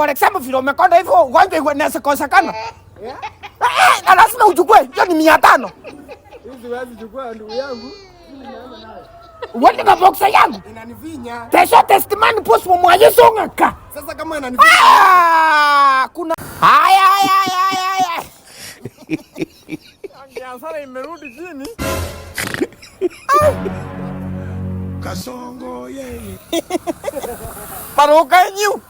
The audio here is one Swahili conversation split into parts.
For example, vile umekonda hivyo ugonjwa unaweza kosekana. Na lazima uchukue, hiyo ni mia tano. Hizi na boxa yangu. Inanivinya. Tesho testimony post mu mwaje songa ka. Sasa kama inanivinya. Ah, kuna haya haya haya haya. Yaani imerudi chini. Kasongo yeye. Paroka nyu.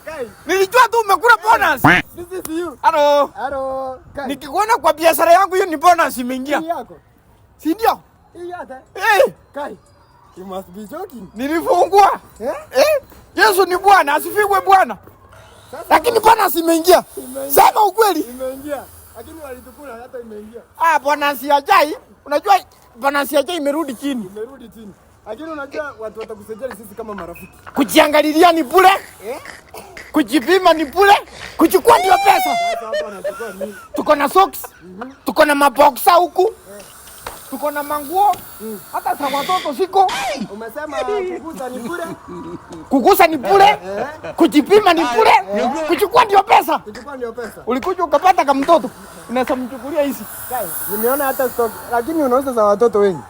Nilijua tu umekula bonus. This is you. Hello. Hello. Nikikuona kwa biashara yangu hiyo ni bonus imeingia. Si ndio? Eh. Kai. You must be joking. Nilifungua. Eh? Eh? Yesu ni Bwana, asifiwe Bwana. Lakini bonus imeingia. Sema ukweli. Imeingia. Lakini walitukula hata imeingia. Ah, bonus ya Jai. Unajua bonus ya Jai imerudi chini. Imerudi chini. Lakini unajua watu watakusajili sisi kama marafiki. Kujiangalilia ni bure. Eh? kujipima ni bure, kuchukua ndio pesa. Tuko na socks, tuko na maboksa huku, tuko na manguo hata za watoto siko. Umesema kugusa ni bure, kugusa ni bure, kujipima ni bure, kuchukua ndio pesa. Ulikuja ukapata kama mtoto unaweza mchukulia hizi. Nimeona hata stock, lakini unauza za watoto wengi.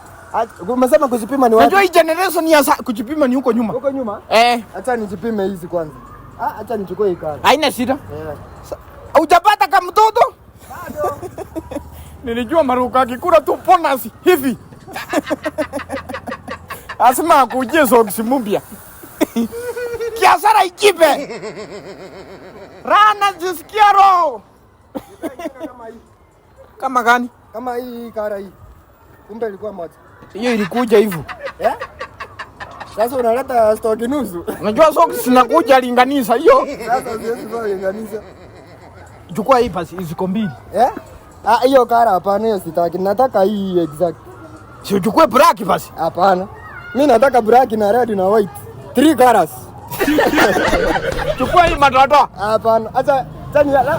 Umesema kujipima ni wapi? Unajua hii generation ni ya kujipima ni huko nyuma, huko nyuma. Eh, acha nijipime hizi kwanza. Ah, acha nichukue hii kadi. Haina shida. Hujapata eh. kama mtoto? Bado. Nilijua Maruka akikula tu bonus hivi. Asema akujie socks mpya. Kiasara ikipe. Rana jisikia roho. Kama gani? Kama hii kara hii. Kumbe ilikuwa moja. Hiyo ilikuja hivyo. Eh? Sasa unaleta stoki nusu. Unajua soksi zinakuja linganisha hiyo. Sasa siwezi kwa linganisha. Chukua hii basi ziko mbili. Eh? Ah, hiyo kara hapana, hiyo sitaki. Nataka hii exact. Si uchukue black basi. Hapana. Mimi nataka black na red na white. Three colors. Chukua hii madoadoa. Hapana. Acha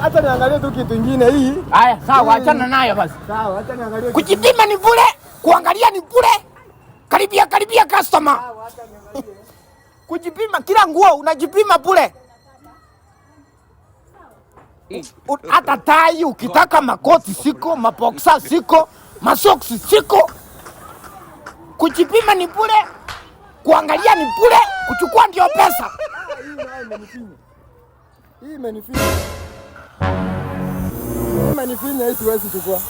acha niangalie tu kitu kingine hii. Haya, sawa, achana nayo basi. Sawa, acha niangalie. Kujipima ni vule, kuangalia ni kule. Karibia karibia customer. Kujipima kila nguo unajipima bure. Hata tai ukitaka makoti siko, maboksa siko, masoksi siko. Kujipima ni bure, kuangalia ni bure, kuchukua ndio pesa. Hii imenifinya. Hii imenifinya, hii siwezi chukua.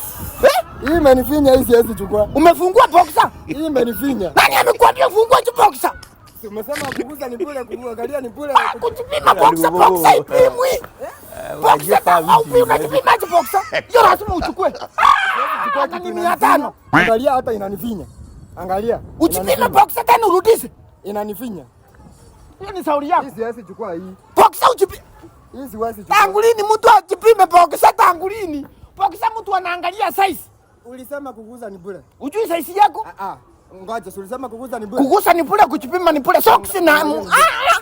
Hii imenifinya hii siwezi chukua. Umefungua boxer? Hii imenifinya. Nani amekuambia ufungue hiyo boxer? Si umesema kuguza ni bure, galia ni bure. Ah, Kutupima boxer, boxer ipimwi. Eh, boxer vipi? Unajipima unatupima hiyo boxer? Hiyo lazima uchukue. Chukua kitu ah, ni 500. Angalia hata inanifinya. Angalia. Uchipime boxer tena urudishe. Inanifinya. Hiyo ni sauri yako. Hii siwezi chukua hii. Boxer uchipime. Hii siwezi chukua. Tangulini mtu ajipime boxer tangulini. Boxer mtu anaangalia size. Ulisema kukuza ni bure. Ujui saisi yako? Ah ah. Ngoja, ulisema kukuza ni bure. Kukuza ni bure, kuchipima ni bure. Socks na ah, ah.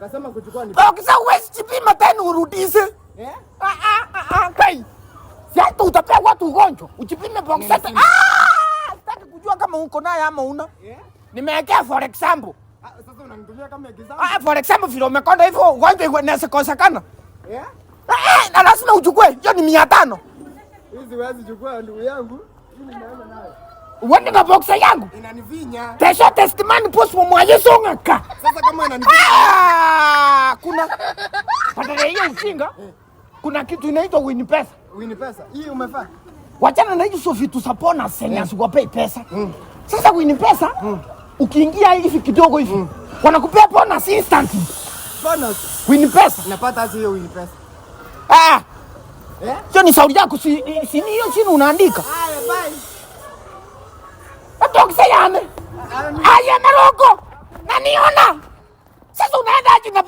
Kasema kuchukua ni bure. Ah, sasa uwezi chipima tena urudishe. Eh? Ah ah ah ah. Kai. Sasa utapea watu ugonjwa. Uchipime bongo sasa. Ah! Sitaki kujua kama uko naye ama una. Eh? Nimewekea for example. Ah, sasa unanitumia kama example. Ah, for example vile umekonda hivyo ugonjwa inaweza kosekana. Eh? Ah, na lazima uchukue. Hiyo ni 500. Hizi wazi chukua ndugu yangu. Uende na boxer yangu. Inanivinya. Tesho testimony post mu mwayeso ngaka. Sasa kama inanivinya. Ah, kuna patana hiyo usinga. Kuna kitu inaitwa win pesa. Win pesa. Hii umefaa. Wachana na hizo vitu sapona senya mm. sikwapei pesa. Mm. Sasa win pesa. Mm. Ukiingia hivi kidogo hivi. Mm. Wanakupea bonus instant. Bonus. Win pesa. Napata hiyo win pesa. Ah, Sio eh? ni yaani sauti yako, si ni hiyo chini unaandika. Haya bye. maroko. Na niona. Sasa unaenda aje na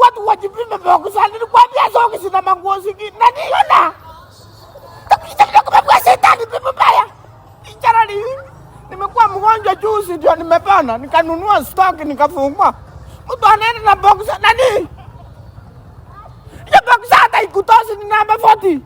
watu wajipime Nilikwambia sina manguo Na niona. shetani pepo baya. Injara ni nimekuwa mgonjwa juzi ndio nikanunua stock nikafungua. Mtu anaenda na bokusa nani? Avodi!